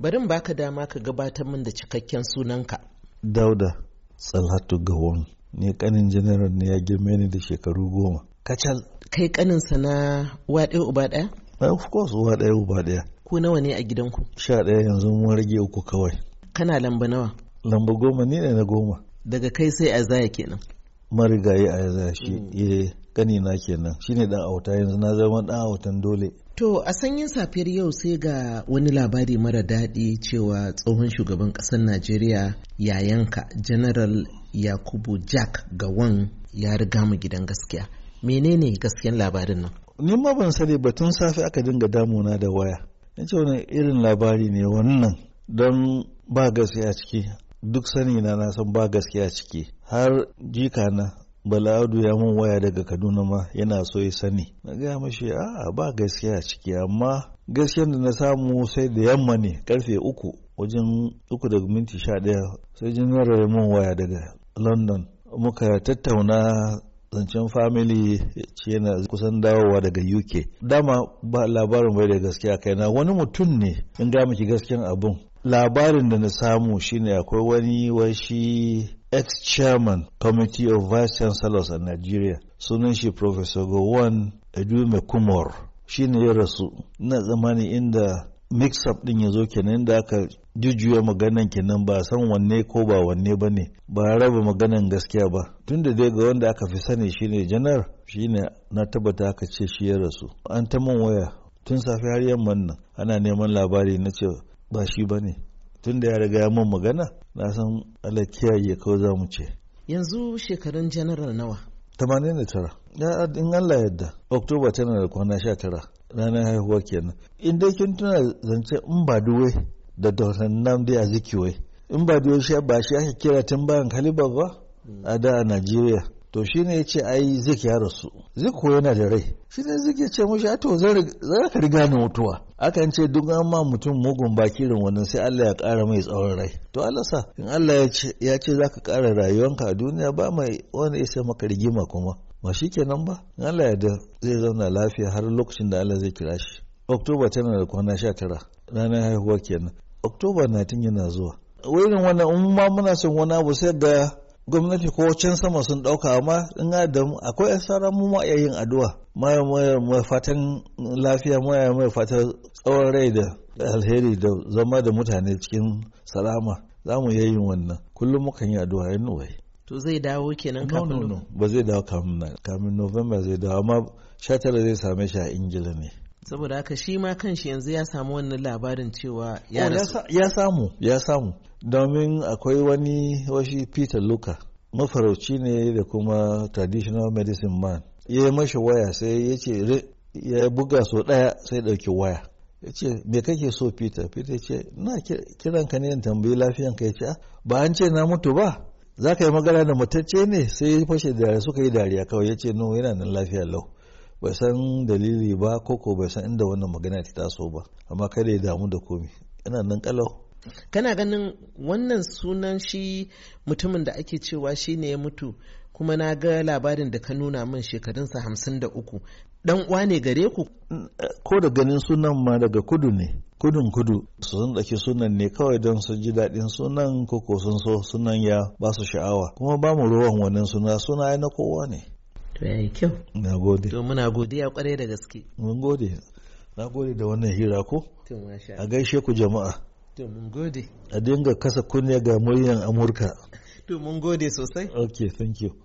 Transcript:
bari baka dama ka gabatar min da cikakken sunanka dauda tsalhatu gawon ne kanin janaral ne ya girme ni da shekaru goma kacal kai kaninsa na uwa ɗaya uba ɗaya eh, of course uwa ɗaya uba ɗaya ku nawa ne a gidanku sha ɗaya yanzu mun rage uku kawai kana lamba nawa lamba goma ni ne na goma daga kai sai a zaya kenan marigayi a yanzu shi gani mm. eh, na kenan shine dan auta yanzu na zama dan autan dole To a sanyin safiyar yau sai ga wani labari mara daɗi cewa tsohon shugaban ƙasar Najeriya yayanka General Yakubu Jack Gawan ya riga mu gidan gaskiya. Menene gaskiyan labarin nan? Ni ma ban sani ba tun safe aka dinga damuna da waya. Na ce wani irin labari ne wannan don ba gaskiya ciki duk sani na na san ba gaskiya ciki har jika na bala'adu ya mun waya daga kaduna ma yana so ya sani na gaya mashi a ba gaskiya ciki amma gaskiyar da na samu sai da yamma ne karfe uku wajen uku da minti sha daya sai general ya mun waya daga london muka tattauna zancen family ce yana kusan dawowa daga uk dama ba labarin bai da gaskiya na wani mutum ne in ga miki gaskiyan abun labarin da na samu shine akwai wani washi ex-chairman committee of vice chancellors a nigeria sunan shi professor gowon edume kumor shine ya rasu na zamani inda mix-up din ya zo kenan da aka jujjuya maganan kenan ba san wanne ko ba wanne ba ne ba raba maganan gaskiya ba tun da dai ga wanda aka fi sani shine janar shine na tabbata aka ce shi ya rasu an ta man waya tun safe har yamman nan ana neman labari na ce ba shi ba ne tun da ya riga ya mun magana na san Allah kiyaye za mu ce yanzu shekarun janaral nawa 89 ya in Allah yadda oktoba tana da kwana 19 ranar haihuwa kenan in dai kin tuna zance in ba duwe da Dr. Nnamdi Azikiwe in ba duwe shi ba shi aka kira tun bayan Kaliba ba a da a Najeriya to shi ne ya ce ai zik ya rasu zik ko yana da rai shi ne zik ya ce mushi to zan riga ni mutuwa akan ce duk an ma mutum mugun bakirin wannan sai Allah ya ƙara mai tsawon rai to Allah sa in Allah ya ce za ka ƙara rayuwanka a duniya ba mai wani isa maka rigima kuma ba shi kenan ba in Allah ya da zai zauna lafiya har lokacin da Allah zai kira shi Oktoba tana da kwana sha tara ranar haihuwa kenan Oktoba 19 yana zuwa wurin wannan umma muna son wani abu sai ga gwamnati ko can sama sun ɗauka amma in da akwai sauran mu ma yin addu'a mai mai fatan lafiya mai mai fatan tsawon rai da alheri da zama da mutane cikin salama za mu yayin wannan kullum mukan yi addu'a yin wai to zai dawo kenan kafin no, no, no. ba zai dawo kamun november zai dawo amma 19 zai same shi a ingila ne saboda haka shi ma kan shi yanzu ya samu wannan labarin cewa oh, ya samu ya samu domin akwai wani washi peter luka mafarauci ne da kuma traditional medicine man ya yi mashi waya sai ya ce ya buga so daya sai dauki waya ya ce me kake so peter peter ce na kiranka ne tambayi lafiyan ka ya ce ah, ba an ce na mutu ba za ka yi magana da matacce ne sai ya fashe da suka yi dariya kawai ya ce no yana nan lafiya lau bai san dalili ba ko bai san inda wannan magana ta taso ba amma kada ya damu da komi yana nan kalau kana ganin wannan sunan shi mutumin da ake cewa shi ne ya mutu kuma na ga labarin da ka nuna min shekarunsa hamsin da uku dan uwa ne gare ku ko da ganin sunan ma daga kudu ne kudun kudu su sun ɗauki sunan ne kawai don su ji daɗin sunan ko ko sun so sunan ya ba su sha'awa kuma ba mu ruwan wannan suna suna na kowa ne to ya yi kyau na gode to muna godiya kwarai da gaske mun gode na gode da wannan hira ko a gaishe ku jama'a to mun gode a dinga kasa kunya ga muryan amurka to mun gode sosai okay thank you